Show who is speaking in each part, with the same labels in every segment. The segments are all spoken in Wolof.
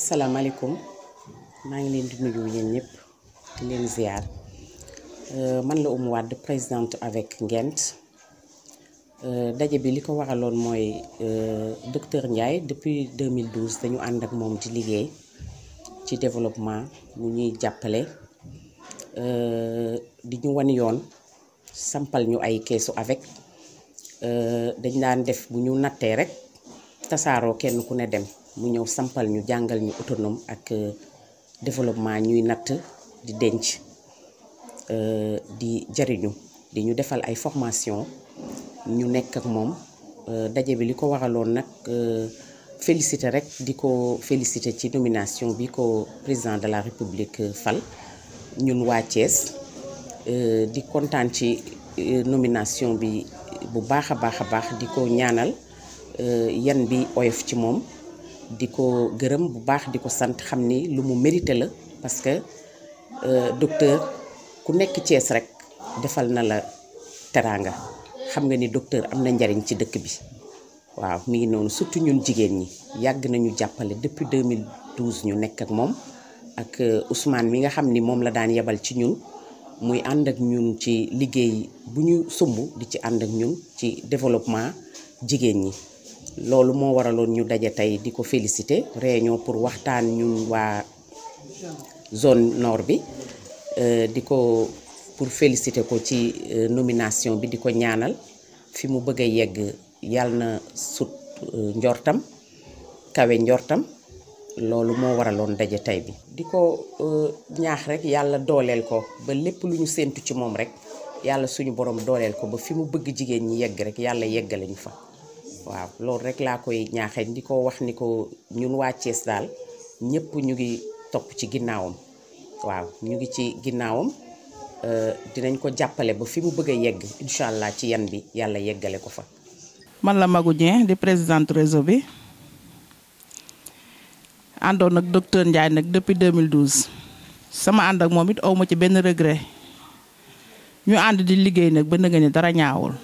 Speaker 1: asalaamaaleykum maa ngi leen di nuyu yéen ñëpp di leen ziar euh, man la Oumou Wade présidente avec Ngent euh, daje bi li ko waraloon mooy euh, docteur Ndiaye depuis 2012 dañu ànd ak moom ci liggéey ci développement mu ñuy jàppale di ñu wan yoon sampal ñu ay keesu avec dañ daan def bu ñu nattee rek tasaaroo kenn ku ne dem mu ñëw sampal ñu jàngal ñu autonome ak euh, développement ñuy natt di denc euh, di jariñu di ñu defal ay formation ñu nekk ak moom euh, daje bi li ko waraloon nag félicité rek di ko félicité ci nomination bi ko président de la république fal ñun waa Thiès di kontaan ci nomination bi bu baax a baax a baax di ko ñaanal Euh, yan bi oyof ci moom di ko gërëm bu baax di ko sant xam ni lu mu mérité la parce que euh, docteur ku nekk cees rek defal na la teraanga xam nga ni docteur am na njariñ ci dëkk bi waaw mu ngi noonu surtout ñun jigéen ñi yàgg nañu jàppale depuis 2012 ñu nekk ak moom ak euh, Ousmane mi nga xam ni moom la daan yebal ci ñun muy ànd ak ñun ci liggéey bu ñu sumb di ci ànd ak ñun ci développement jigéen ñi loolu moo waraloon ñu daje tey di ko félicité réunion pour waxtaan ñun waa zone nord bi euh, di ko pour félicité ko ci euh, nomination bi di ko ñaanal fi mu bëgg a yegg yàlla na sut euh, njortam kawe njortam loolu moo waraloon daje tey bi di ko ñaax rek yàlla dooleel ko ba lépp lu ñu séentu ci moom rek yàlla suñu borom dooleel ko ba fi mu bëgg jigéen ñi yegg rek yàlla yeggale ñu fa waaw loolu rek laa koy ñaaxee di ko wax ni ko ñun waa Thiès daal ñëpp ñu ngi topp ci ginnaawam waaw ñu ngi ci ginnaawam euh, dinañ ko jàppale ba fi mu bëgg a yegg incha allah ci yan bi yàlla yeggale ko fa.
Speaker 2: man la Magu Dieng di présidente réseau bi àndoon nag docteur Ndiaye nag depuis 2012 sama ànd ak moom it aw ma ci benn regret ñu ànd di liggéey nag ba nga dara ñaawul.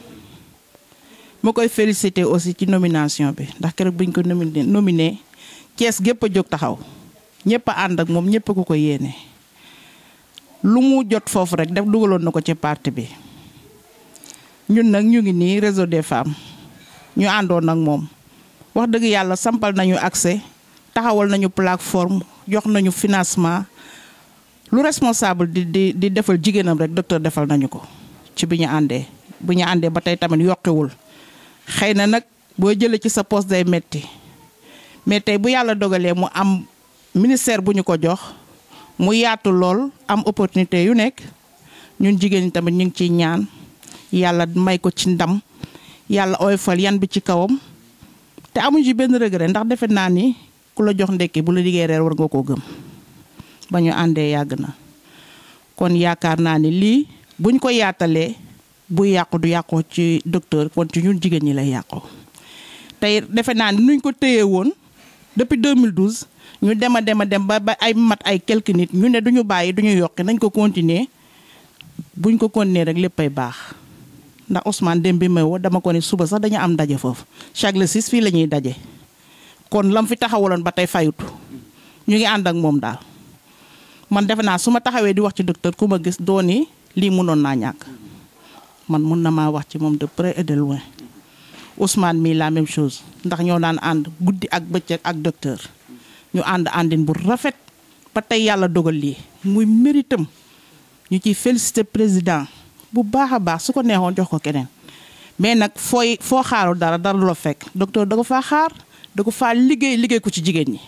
Speaker 2: ma koy félicité aussi ci nomination bi ndax keroog ñu ko nominé nominé Thiès gépp a jóg taxaw ñëpp a ànd ak moom ñëpp a ko ko yéene lu mu jot foofu rek def dugaloon na ko ci parti bi ñun nag ñu ngi nii réseau des femmes ñu àndoon nag moom wax dëgg yàlla sampal nañu accès taxawal nañu plateforme jox nañu financement lu responsable di di di defal jigéenam rek docteur defal nañu ko ci bi ñu àndee bi ñu àndee ba tey tamit yokkiwul xëy na nag boo jëlee ci sa poste day metti mais tey bu yàlla dogalee mu am ministère bu ñu ko jox mu yaatu lool am opportunité yu nekk ñun jigéen ñi tamit ñu ngi ciy ñaan yàlla may ko ci ndam yàlla oyofal yan bi ci kawam te amuñu ci benn regret ndax defe naa ni ku la jox ndekki bu la liggéey reer war nga koo gëm ba ñu àndee yàgg na kon yaakaar naa ni lii buñ ko yaatalee bu yàqu du yàqoo ci docteur kon ci ñun jigéen ñi lay yàqoo tey defe naa ni nuñ ko téye woon depuis 2012 ñu dem a dem a dem ba ba ay mat ay quelques ñu ne duñu bàyyi duñu yokki nañ ko continuer buñ ko continuer rek léppay baax ndax Ousmane dem bi may woo dama ko ne suba sax dañu am daje foofu chaque le fii la ñuy daje kon lam fi taxawaloon ba tey fayut ñu ngi ànd ak moom daal man defe naa su ma taxawee di wax ci docteur ku ma gis dooni lii mënoon naa ñàkk man mën na maa wax ci moom de près et de loin Ousmane mii la même chose ndax ñoo daan ànd guddi ak bëccëg ak docteur ñu ànd àndin bu rafet ba tey yàlla dogal lii muy méritam ñu ciy félicité président bu baax a baax su ko neexoon jox ko keneen mais nag fooy foo xaarul dara dara loo fekk docteur da ko fa xaar da ko faa liggéey liggéey ko ci jigéen ñi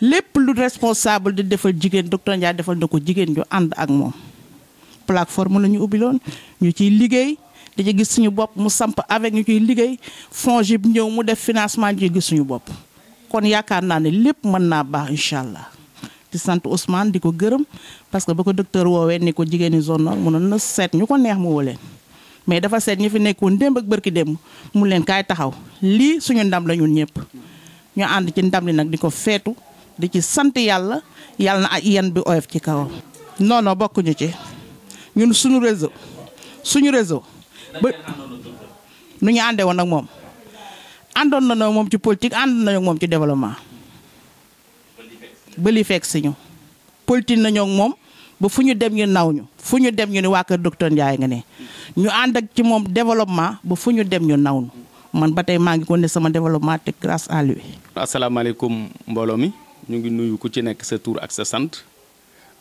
Speaker 2: lépp lu responsable di defal jigéen docteur Ndiaye defal na ko jigéen ñu ànd ak moom plateforme la ñu ubbiloon ñu ciy liggéey di ci gis suñu bopp mu samp avec ñu ciy liggéey fond ji ñëw mu def financement ñu ciy gis suñu bopp kon yaakaar naa ne lépp mën naa baax incha allah di sant Ousmane di ko gërëm parce que ba ko docteur woowee ni ko jigéeni zone nord mënoon na seet ñu ko neex mu woo leen mais dafa seet ñu fi nekkoon démb ak bërki démb mu leen kaay taxaw lii suñu ndam la ñun ñëpp ñu ànd ci ndam li nag di ko feetu di ci sant yàlla yàlla na ak yéen bi oyof ci kawam non non bokkuñu ñun suñu réseau suñu réseau ba nu ñu àndee woon ak moom àndoon na na moom ci politique àndoon na moom ci développement ba li fekk si ñu nañoo moom ba fu ñu dem ñu naw ñu fu ñu dem ñu ne waa kër docteur Ndiaye nga ne ñu ànd ak ci moom développement ba fu ñu dem ñu naw ñu man ba tey maa ngi kon ne sama développement te grâce à lui.
Speaker 3: asalaamaaleykum mbooloo mi ñu ngi nuyu ku ci nekk sa tuur ak sa sant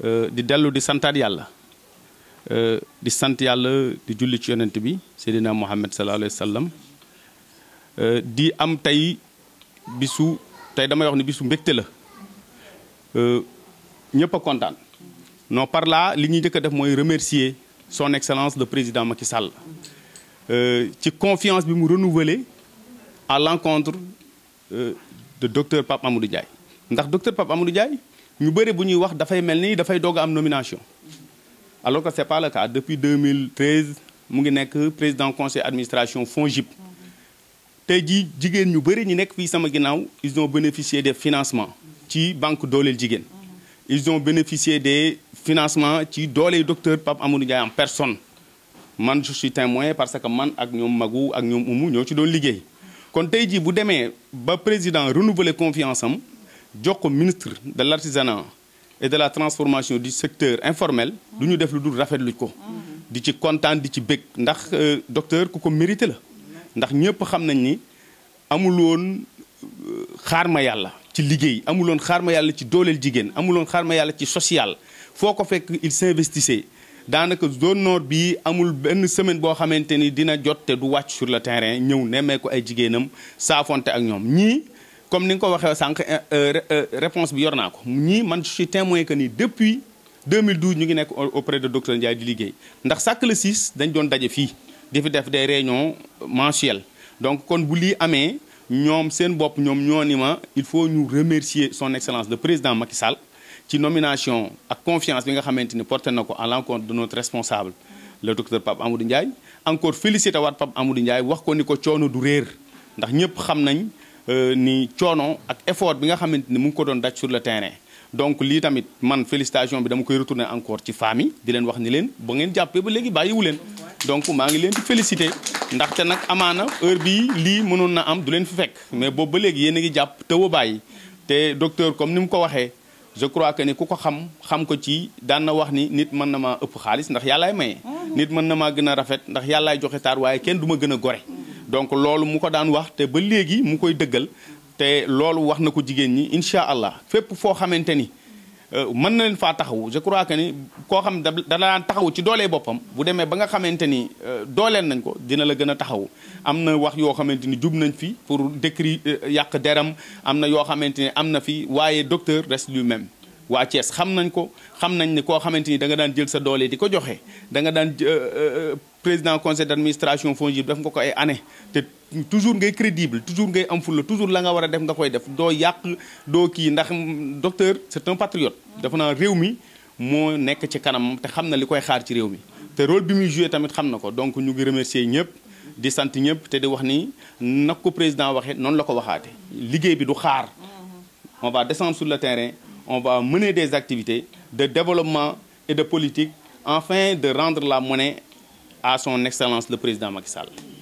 Speaker 3: euh, di dellu di santaat yàlla. Euh, di sant yàlla di julli ci yonent bi Mohamed Salah sallallahu alayhi wasallam sallam euh, di am tey bisu tey damay wax ni bisu mbégte la euh, a non par là li ñuy njëkk a def remercier son excellence le président Macky Sall ci confiance bi mu renouveler à l'encontre de docteur Pape Amadou ndax docteur Pape Amadou Ndiaye ñu bëri bu ñuy wax dafay mel ni dafay doog am nomination alors que ce n'est pas le cas depuis 2013 mu ngi président conseil d'administration, FONGIP a dit que ñu ils ont bénéficié des financements ci banque dooleel jigéen ils ont bénéficié des financements ci dooley docteur Pape Amadou en personne man je suis témoin parce que man ak ñoom magou, ak ñoom Umu ñoo ci doon liggéey kon tey bu demee ba président renouveler confiance am jox ko ministre de l'artisanat et de la transformation du secteur informel du ñu def lu dul rafetlu ko di ci kontaan di ci bég ndax euh, docteur ku ko mérité la ndax ñëpp xam nañ ni amuloon euh, xaar ma yàlla ci liggéey amuloon xaar ma yàlla ci dooleel jigéen amuloon xaar ma yàlla ci social foo ko fekk il s'investissait daanaka zone nord bi amul benn semaine boo xamante ni dina jot te du wàcc sur le terrain ñëw nemmee ko ay jigéenam saafonte ak ñoom ñii comme ni nga dit, la euh, euh, euh, réponse bi yor man je suis témoin que ni depuis 2012 ñu ngi auprès de docteur Ndiaye di liggéey ndax sàkk le 6 dañ doon daje fi def des réunions mensuelles donc kon vous l'avez amee ñoom seen bopp ñoom ñoo ma il faut ñu remercier son excellence le président Macky Sall ci nomination ak confiance bi nga xamanteni porté nako à l'encontre de notre responsable le docteur Pape Amadou Ndiaye encore félicité waat Pape Amadou Ndiaye wax ko niko choono du réer ndax ñepp xam nañ Euh, ni coono ak effort bi nga xamante ni mu ngi ko doon daj sur le terrain donc lii tamit man félicitation bi dama koy retourner encore ci famille di leen wax ni leen ba ngeen jàppee ba léegi bàyyiwu leen donc maa ngi leen félicité féliciter ndaxte nag amaana heure bii lii mënoon na am du leen fi fekk mais boobu ba léegi yéen a ngi jàpp tëw bàyyi te docteur comme ni mu ko waxee je crois que ni ku ko xam xam ko ci daana wax ni nit mën na maa ëpp xaalis ndax yàllaay maye ah. nit mën na maa gën a rafet ndax yàllaay joxe taar waaye kenn du ma gën a gore donc loolu mu ko daan wax te ba léegi mu koy dëggal te loolu wax na ko jigéen ñi incha allah fépp foo xamante ni euh, mën na leen faa taxawu je crois que ni koo xam da da daan taxawu ci doolee boppam bu demee ba nga xamante ni euh, dooleel nañ ko dina la gën a taxawu am na wax yoo xamante ni jub nañ fi pour décrit euh, yàq deram am na yoo xamante ni am na fi waaye docteur reste lui-même waa cees xam nañ ko xam nañ ne koo xamante ni da nga daan jël sa doolee di ko joxe da nga daan président conseil d'administration fongible def nga ay année te toujours ngay crédible toujours ngay am fulla toujours la nga wara a def nga koy def do yak do ki ndax docteur c'est un patriote def na rewmi mo nek ci kanam te xamna likoy xaar ci rewmi mi te rôle bi muy jouer tamit xamna ko donc ñu ngi remercier ñëpp di sant ñëpp te di wax ni nag président waxee non la ko waxaté liggéey bi du xaar on va descendre sur le terrain on va mener des activités de développement et de politique afin de rendre la monnaie à son excellence le président Macky Sall